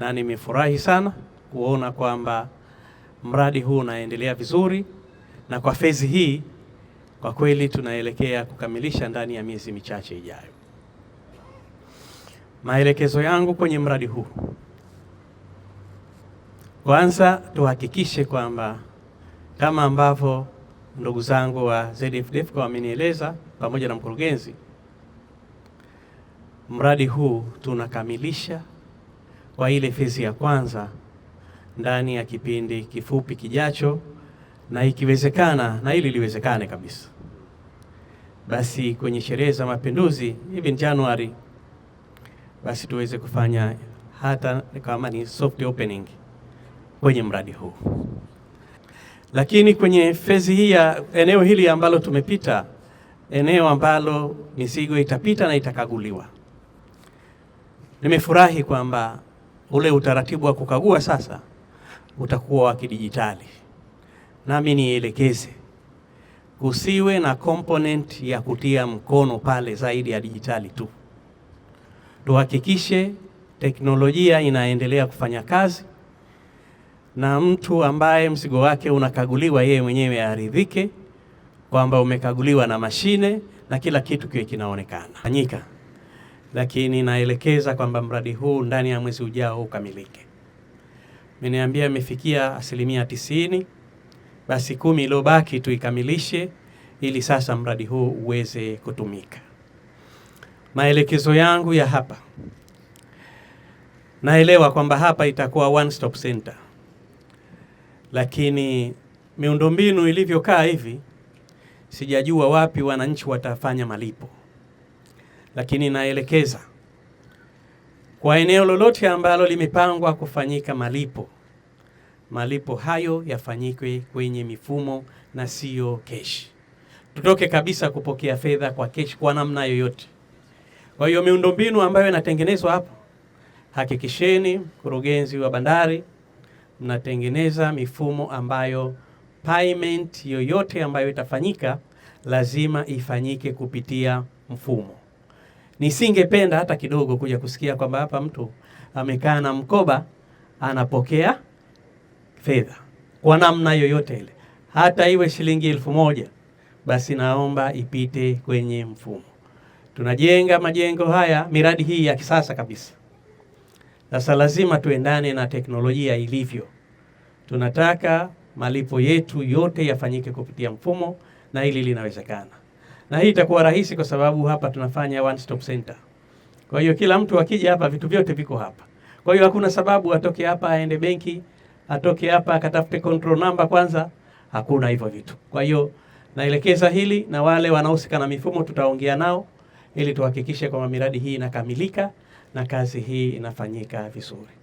na nimefurahi sana kuona kwamba mradi huu unaendelea vizuri na kwa fezi hii kwa kweli tunaelekea kukamilisha ndani ya miezi michache ijayo. Maelekezo yangu kwenye mradi huu, kwanza tuhakikishe kwamba kama ambavyo ndugu zangu wa kwa wamenieleza pamoja na mkurugenzi, mradi huu tunakamilisha kwa ile fezi ya kwanza ndani ya kipindi kifupi kijacho, na ikiwezekana, na ili liwezekane kabisa, basi kwenye sherehe za Mapinduzi hivi Januari, basi tuweze kufanya hata kama ni soft opening kwenye mradi huu. Lakini kwenye fezi hii ya eneo hili ambalo tumepita, eneo ambalo mizigo itapita na itakaguliwa, nimefurahi kwamba ule utaratibu wa kukagua sasa utakuwa wa kidijitali. Nami nielekeze kusiwe na component ya kutia mkono pale zaidi ya dijitali tu. Tuhakikishe teknolojia inaendelea kufanya kazi na mtu ambaye mzigo wake unakaguliwa yeye mwenyewe aridhike kwamba umekaguliwa na mashine na kila kitu kiwe kinaonekana fanyika lakini naelekeza kwamba mradi huu ndani ya mwezi ujao ukamilike. Mmeniambia imefikia asilimia tisini, basi kumi iliyobaki tuikamilishe ili sasa mradi huu uweze kutumika. Maelekezo yangu ya hapa, naelewa kwamba hapa itakuwa one stop center, lakini miundombinu ilivyokaa hivi, sijajua wapi wananchi watafanya malipo lakini naelekeza kwa eneo lolote ambalo limepangwa kufanyika malipo, malipo hayo yafanyike kwenye mifumo na siyo keshi. Tutoke kabisa kupokea fedha kwa keshi kwa namna yoyote. Kwa hiyo miundombinu ambayo inatengenezwa hapo, hakikisheni mkurugenzi wa bandari, mnatengeneza mifumo ambayo payment yoyote ambayo itafanyika lazima ifanyike kupitia mfumo. Nisingependa hata kidogo kuja kusikia kwamba hapa mtu amekaa na mkoba anapokea fedha kwa namna yoyote ile, hata iwe shilingi elfu moja basi naomba ipite kwenye mfumo. Tunajenga majengo haya, miradi hii ya kisasa kabisa. Sasa lazima tuendane na teknolojia ilivyo. Tunataka malipo yetu yote yafanyike kupitia mfumo, na hili linawezekana na hii itakuwa rahisi kwa sababu hapa tunafanya one stop center. Kwa hiyo kila mtu akija hapa vitu vyote viko hapa. Kwa hiyo hakuna sababu atoke hapa aende benki, atoke hapa akatafute control number kwanza, hakuna hivyo vitu. Kwa hiyo naelekeza hili na wale wanaohusika na mifumo tutaongea nao ili tuhakikishe kwamba miradi hii inakamilika na kazi hii inafanyika vizuri.